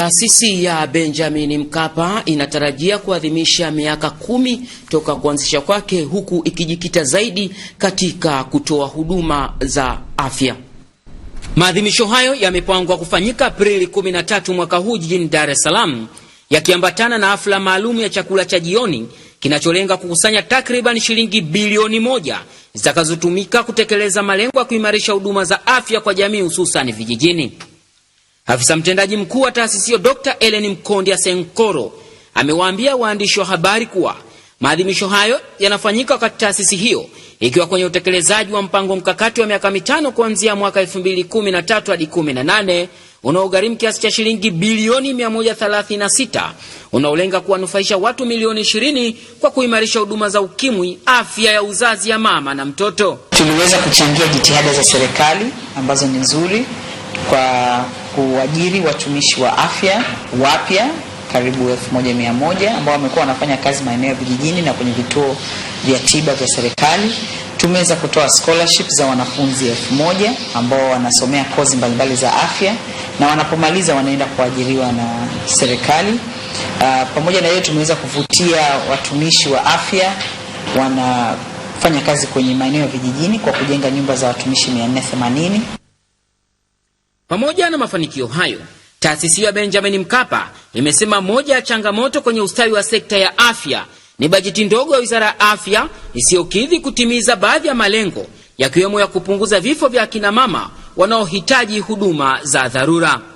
Taasisi ya Benjamin Mkapa inatarajia kuadhimisha miaka kumi toka kuanzisha kwake huku ikijikita zaidi katika kutoa huduma za afya. Maadhimisho hayo yamepangwa kufanyika Aprili 13 mwaka huu jijini Dar es Salaam yakiambatana na hafla maalum ya chakula cha jioni kinacholenga kukusanya takriban shilingi bilioni moja zitakazotumika kutekeleza malengo ya kuimarisha huduma za afya kwa jamii hususani vijijini. Afisa mtendaji mkuu wa taasisi hiyo Dr. Ellen Mkondia Senkoro amewaambia waandishi wa habari kuwa maadhimisho hayo yanafanyika wakati taasisi hiyo ikiwa kwenye utekelezaji wa mpango mkakati wa miaka mitano kuanzia mwaka 2013 hadi 18 unaogharimu kiasi cha shilingi bilioni 136 unaolenga kuwanufaisha watu milioni 20 kwa kuimarisha huduma za ukimwi, afya ya uzazi ya mama na mtoto. Tuliweza kuchangia jitihada za serikali ambazo ni nzuri kwa kuajiri watumishi wa afya wapya karibu 1100 ambao wamekuwa wanafanya kazi maeneo vijijini na kwenye vituo vya tiba vya serikali. Tumeweza kutoa scholarship za wanafunzi 1000 ambao wanasomea kozi mbalimbali za afya na wanapomaliza wanaenda kuajiriwa na serikali. Uh, pamoja na hiyo tumeweza kuvutia watumishi wa afya wanafanya kazi kwenye maeneo ya vijijini kwa kujenga nyumba za watumishi 480. Pamoja na mafanikio hayo, taasisi ya Benjamin Mkapa imesema moja ya changamoto kwenye ustawi wa sekta ya afya ni bajeti ndogo ya Wizara ya Afya isiyokidhi kutimiza baadhi ya malengo yakiwemo ya kupunguza vifo vya akinamama wanaohitaji huduma za dharura.